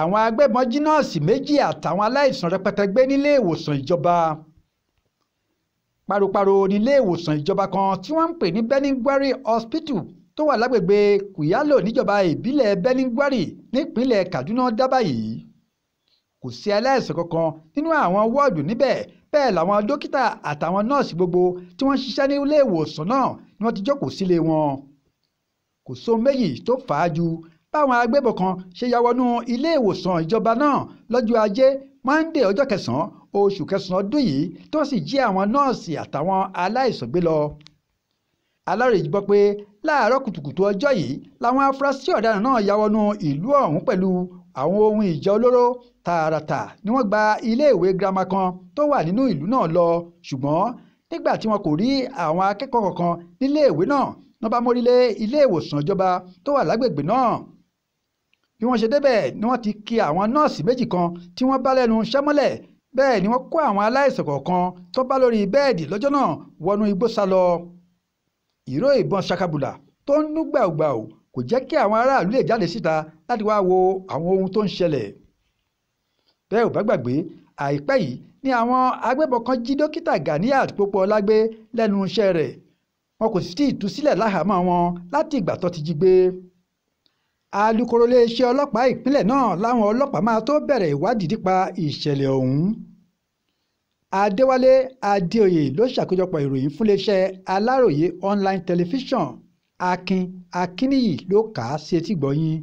àwọn agbébọn jí nọ́ọ̀sì méjì àtàwọn aláìsàn rẹpẹtẹ gbé nílé ìwòsàn ìjọba paroparo nílé ìwòsàn ìjọba kan tí wọ́n ń pè ní Beningwari Hospital tó wà lágbègbè Kuyalo níjọba ìbílẹ̀ Beningwari nípínlẹ̀ Kaduna dá báyìí kò sí aláìsàn kankan nínú àwọn wọ́ọ̀dù níbẹ̀ bẹ́ẹ̀ làwọn dókítà àtàwọn nọ́ọ̀sì gbogbo tí wọ́n ń ṣiṣẹ́ nílé ìwòsàn náà ni wọ́n ti jókòó sílé wọn kò sóhun méjì tó fà báwọn agbébọn kan ṣe ya wọnú ilé ìwòsàn ìjọba náà lọ́jọ́ ajé monde ọjọ́ kẹsàn-án oṣù kẹsàn-án ọdún yìí tó sì jí àwọn nọ́ọ̀sì àtàwọn aláìsàn gbé lọ. Aláròyé gbọ́ pé láàárọ̀ kùtùkùtù ọjọ́ yìí làwọn afurasí ọ̀daràn náà ya wọnú ìlú ọ̀hún pẹ̀lú àwọn ohun ìjà olóró tààràtà ni wọ́n gba iléèwé girama kan tó wà nínú ìlú náà lọ ṣùgbọ́n nígbà tí wọn kò rí àwọn akẹ́kọ̀ọ́ kankan níléèwé náà wọ́n bá mórílé ilé ìwòsàn ìjọba tó wà lágbègbè náà bí wọ́n ṣe débẹ̀ ni wọ́n ti ki àwọn nọ́ọ̀sì méjì kan tí wọ́n bá lẹ́nu iṣẹ́ mọ́lẹ̀ bẹ́ẹ̀ ni wọ́n kó àwọn aláìsàn kọ̀ọ̀kan tó bá lórí bẹ́ẹ̀dì lọ́jọ́ náà wọnú igbó sá lọ. ìró ìbọn ṣakabùlà tó ń nú gbàùgbàù kò jẹ́ kí àwọn aráàlú lè jáde síta láti wá wo àwọn ohun tó ń ṣẹlẹ̀. bẹ́ẹ̀ ò bá gbàgbé àìpẹ́ yìí ni àwọn agbébọn kan jí dókítà Ganiat Pópóọlá gbé lẹ́nu iṣẹ́ rẹ̀ wọn kò sì tí ì tú sílẹ̀ láhàámọ́ wọn láti ìgbà tó ti jí gbé alūkkóró iléeṣẹ́ ọlọ́pàá ìpínlẹ̀ náà láwọn ọlọ́pàá máa tó bẹ̀rẹ̀ ìwádìí nípa ìṣẹ̀lẹ̀ ọ̀hún adéwálé adéoyè ló ṣàkójọpọ̀ ìròyìn fún iléeṣẹ́ aláròye online television akin akínníyì ló kà á sí etí gbọ̀nyìn.